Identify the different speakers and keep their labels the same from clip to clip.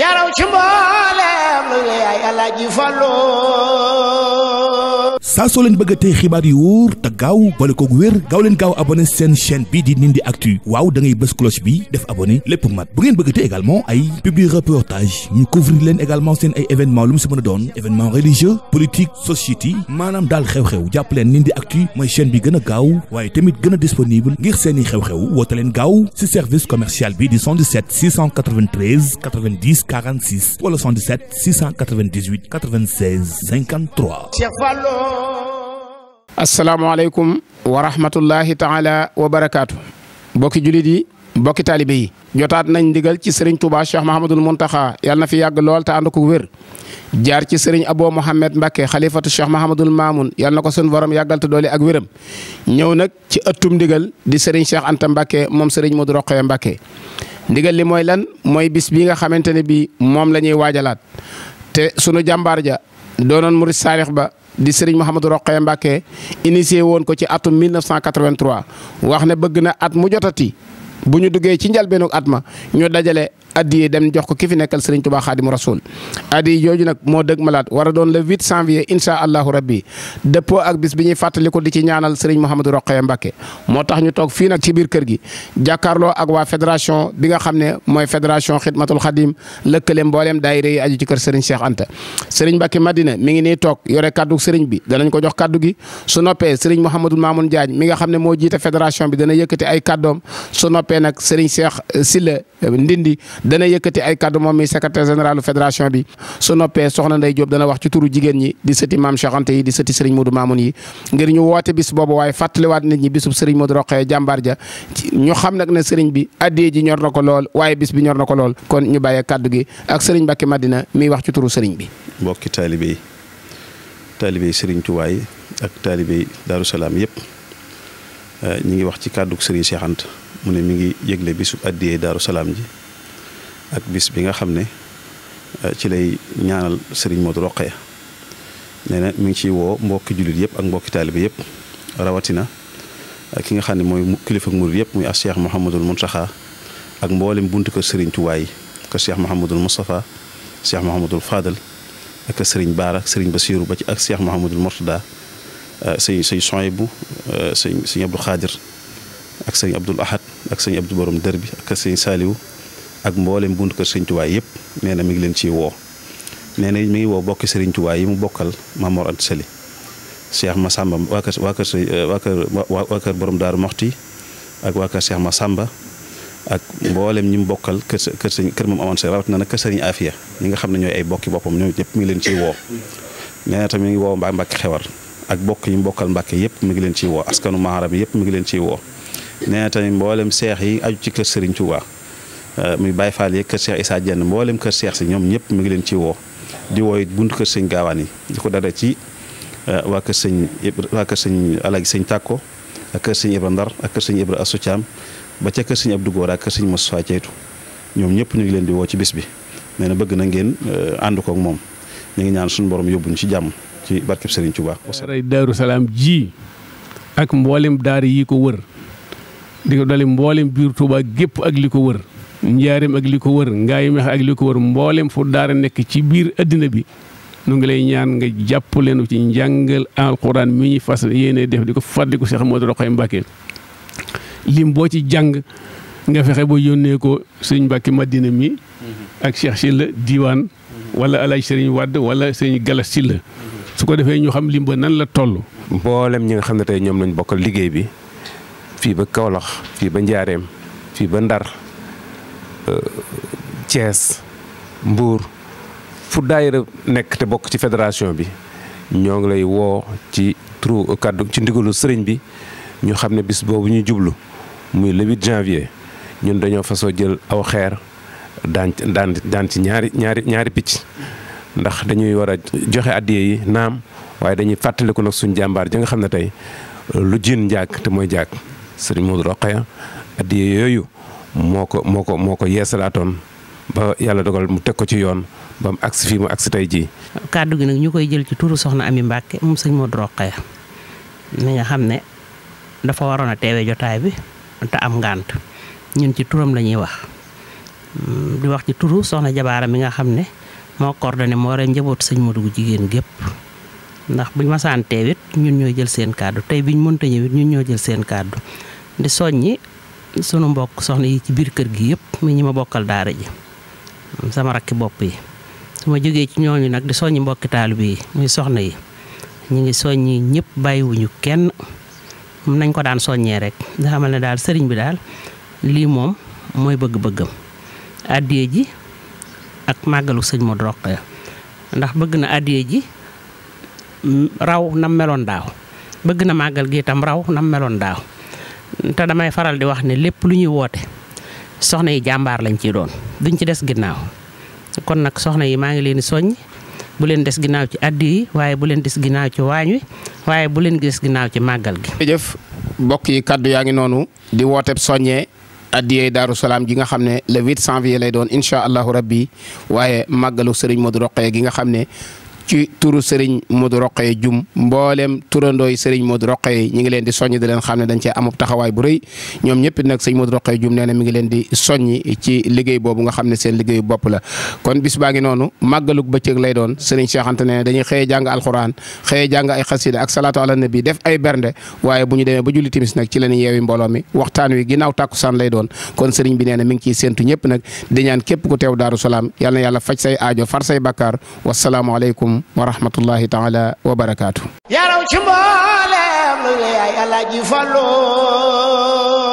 Speaker 1: yaraw ci mbooleem lu yaay Alaaji Fallu
Speaker 2: saa soo leen bëgg a xibaar yu wóor te gaaw boole koog wér gaaw leen gaaw abonné seen chaîne bii di Ndindy Actu waaw da ngay bës cloche bi def abonné lépp mat bu ngeen bëgg a tey également ay publi reportage ñu couvrir leen également seen ay événement lu mu si mën a doon événement religieux politique société maanaam daal xew-xew jàpp leen Ndindy Actu mooy chaîne bi gën a gaaw waaye tamit gën a disponible ngir seeni xew-xew woote leen gaaw si service commercial bi di 77 693 90 46 wala 77 698 96 53.
Speaker 1: Cheikh Fallou. asalaamaaleykum wa rahmatullahi taala wa barakaatu. bokki jullit yi bokki taalibe yi. jotaat nañ ndigal ci sëriñ Touba Cheikh Mahamadul Muntaxa yal na fi yàgg lool te ànd ko wér. jaar ci sëriñ Abo Mohamed Mbacke xalifatu Cheikh Mahamadul Mamoun yàlla na ko sunu borom yàggal doole ak wéram. ñëw nag ci ëttum ndigal di sëriñ Cheikh Anta Mbacke moom sëriñ Modou Rokhaya Mbacke. ndigal li mooy lan mooy bis bii nga xamante ne bii moom la ñuy waajalaat te sunu jàmbaar ja di sëriñ Mouhamadou Rokhaya Mbacké initié woon ko ci atum 1983 wax ne bëgg na at mu jotati bu ñu duggee ci njalbeenu at ma ñu dajale addiyee dem jox ko ki fi nekkal Serigne Touba Xaadimu Rasuul addiye jooju nag moo dëgg malaat war a doon le 8 janvier incha allahu rabbi dëppoo ak bis bi ñuy fàttaliku di ci ñaanal Serigne Mouhamadou Rokhaya Mbacké moo tax ñu toog fii nag ci biir kër gi jàkkaarloo ak waa fédération bi nga xam ne mooy fédération Xidmatul Xadim lëkkale mbooleem daayira yi aju ci kër Serigne Cheikh Anta Serigne Mbacké Madina mi ngi nii toog yore kaddu Serigne bi danañ ko jox kaddu gi su noppee Serigne Mouhamadou Mamoun Diagne mi nga xam ne moo jiite fédération bi dana yëkkati ay kaddoom su noppee nag Serigne Cheikh Silla Ndindi dana yëkkati ay kaddu moom mi secretaire général fédération bi su noppee soxna Ndey Diop dana wax ci turu jigéen ñi di sëti maam Cheikh Anta yi di sëti Serigne Modou Mamoun yi ngir ñu woote bis boobu waaye fàttaliwaat nit ñi bisub Serigne Modou Rokhaya jàmbaar ja ñu xam nag ne sëriñ bi addee ji ñor na ko lool waaye bis bi ñor na ko lool kon ñu bàyyee kàddu gi ak Serigne Mbacke Madina miy wax ci turu Serigne bi.
Speaker 3: mbokki taalibe yi taalibe Serigne Touba yi ak taalibe Darou Salaam yëpp euh, ñi ngi wax ci kaddu Serigne Cheikh Anta mu ne mi ngi yëgle bisub addee Darou Salaam ji ak bis bi nga xam ne euh, ci lay ñaanal sëriñ Modou Rokhaya nee na mi ngi ciy woo mbokki jullit yëpp ak mbokki taalibe yëpp rawatina euh, ki nga xam ne mooy kilifa murid yëpp muy as cheikh Mouhamadul Mountakha ak mboolem buntu ko sëriñ Tuubaa yi ko cheikh Mouhamadul Moustapha cheikh Mouhamadul Fadal ak sëriñ Baara sëriñ Basiiru ba ci ak cheikh Mouhamadul Mourtada euh, sëñ sëñ Soyibu sëñ sëñ Abdou Khadir ak sëñ Abdoul Ahad ak sëñ Abdou Borom Dër bi ak sëñ Saliou. ak mbooleem buntu kër sëriñ Tuubaa yëpp nee na mi ngi leen ciy woo nee na mi ngi woo bokki sëriñ yi mu bokkal Mamor Anta Sali Cheikh Massamba waa kër waa borom Daaru Moxti ak waa kër Cheikh Massamba ak mboolem ñi mu bokkal kër sa kër sëriñ kër moom amoon sa rawatina nag kër sëriñ Afia ñi nga xam ne ñooy ay bokki boppam ñoom ñëpp mi ngi leen ciy woo nee na tamit mi ngi woo mbaa ak bokk yi mu bokkal yëpp mi ngi leen ciy woo askanu Maharab yëpp mi ngi leen ciy woo nee na tamit seex yi aju ci kër sëriñ Tuubaa Euh, muy Baye faal yeeg kër Cheikh saa Diène mboolem kër Cheikh si ñoom ñëpp mi ngi leen ci woo di woo it buntu kër sëñ gaawaan yi di ko dara ci euh, waa kër sëñ sëñ Alaaji ak kër sëñ Ndar ak kër sëñ Ibra Asu ba ca kër sëñ ak kër sëñ Moussa ñoom ñëpp ñu ngi leen di woo ci bis bi nee na bëgg na ngeen euh, ànd kook moom ñu ngi ñaan suñu borom yóbbuñ ci jàmm ci barkeb Sëriñ Tuubaa
Speaker 1: daaray Daaru Salaam ji ak mboolem daara yi ko wër di ko dale mboolem biir Tuubaa gépp ak li ko wër njaareem ak li ko wër ngaay meex ak li ko wër mboolem fu daara nekk ci biir addina bi nu ngi lay ñaan nga jàpp leen ci njàngal alxuraan mi ñuy fas yéene def di ko fàttaliku Seex Moodu Roxaya Mbàkke lim boo ci jàng nga fexe ba yónnee ko sëñ Mbàkke màddina mi ak Cheikh Sylla diwaan wala alaaj sëriñ Wàdd wala sëñ Galas la su ko defee ñu xam lim ba nan la toll. mboolem ñi nga xam ne tey ñoom lañu bokkal liggéey bi fii ba kawlax fii ba Njaareem fii ba Ndar. Euh, Thiès Mbour fu daayira nekk te bokk ci fédération bi ñoo ngi lay woo ci turu kàddu ci ndigalu sëriñ bi ñu xam ne bis boobu ñuy jublu muy le 8 janvier ñun dañoo fasoo jël aw xeer daan daan daan ci ñaari ñaari ñaari picc ndax dañuy war a joxe addiye yi naam waaye dañuy fàttaliku nag suñ jàmbaar ja nga xam ne tey lu jiin njaag te mooy jaag sëriñ Modou Rokhaya addiye yooyu moo ko moo ko moo ko yeesalaatoon ba yàlla dogal mu teg ko ci yoon ba mu agsi fii mu agsi tey jii.
Speaker 4: kàddu gi nag ñu koy jël ci turu soxna Ami Mbàkke moom sëñ Modou Rokhaya mi nga xam ne dafa waroon a teewee jotaay bi te am ngànt ñun ci turam la wax mm, di wax ci turu soxna jabaara mi nga xam ne moo coordonné moo war njaboot sëñ Modou gu jigéen gépp ndax buñ ma teewit ñun ñoo jël seen kàddu tey biñ mënta ñëwit ñun ñoo jël seen kàddu di soññi sunu mbokk soxna yi ci biir kër gi yëpp mu ñi ma bokkal daara ji sama rakki bopp yi su ma jógee ci ñooñu nag di soññi mbokki taalu yi muy soxna yi ñu ngi soññi ñépp bàyyiwuñu kenn nañ ko daan soññee rek nga xamal ne daal sëriñ bi daal lii moom mooy bëgg-bëggam addiye ji ak màggalu sëñ Modou bëgg na addiye ji raw nam meloon daaw bëgg na màggal gi itam raw nam meloon daaw te damay faral di wax ne lépp lu ñuy woote soxna yi jàmbaar lañ ciy doon duñ ci des ginnaaw kon nag soxna yi maa ngi leen di soññ bu leen des ginnaaw ci addi yi waaye bu leen des ginnaaw ci waañ wi waaye bu leen des ginnaaw ci màggal gi. jërëjëf mbokk yi kàddu yaa ngi noonu di wooteeb
Speaker 1: soññee addiyee daaru salaam gi nga xam ne le 8 janvier lay doon incha allahu rabbi waaye màggalu Serigne Modou Rokhaya gi nga xam ne ci turu Serigne Modou Rokhaya Dioum mboolem turandooy Serigne Modou yi ñu ngi leen di soññ di leen xam ne dañ cee amub taxawaay bu rëy ñoom ñëpp nag sëñ Modou ngi leen di soññ ci liggéey boobu nga xam ne seen liggéeyu bopp la kon bis baa ngi noonu màggalug bëccëg lay doon Serigne Cheikh Anta nee na dañuy xëye jàng alxuraan xëye jàng ay xasida ak salaatu ala nabi def ay bernde waaye bu ñu demee ba julli timis nag ci la ñu yeewi mbooloo mi waxtaan wi ginnaaw tàkkusaan lay doon kon Serigne bi nee na mi ngi ciy séentu ñëpp nag di ñaan képp ku teew Daaru Salaam yàlla yàlla faj say aajo far say bakkaar wasalaamu aleykum aleykum wa rahmatullahi taala wa barakaatu. yaraw ci mbooleem lu yaay Alaaji Fallu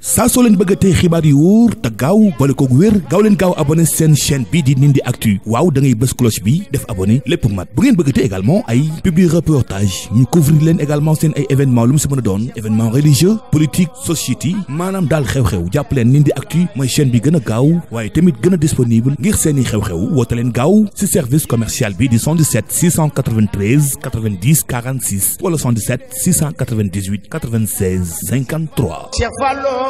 Speaker 2: saa soo leen bëgg a tey xibaar yu wóor te gaaw boole koog wér gaaw leen gaaw abonné seen chaîne bii di Ndindy Actu waaw da ngay bës cloche bi def abonné lépp mat bu ngeen bëgg te également ay publi reportage ñu couvrir leen également seen ay événement lu mu si mën a doon événement religieux politique société maanaam daal xew-xew jàpp leen Ndindy Actu mooy chaîne bi gën a gaaw waaye tamit gën a disponible ngir seeni xew-xew woote leen gaaw si service commercial bi di 77 693 90 46 wala 77 698 96 53.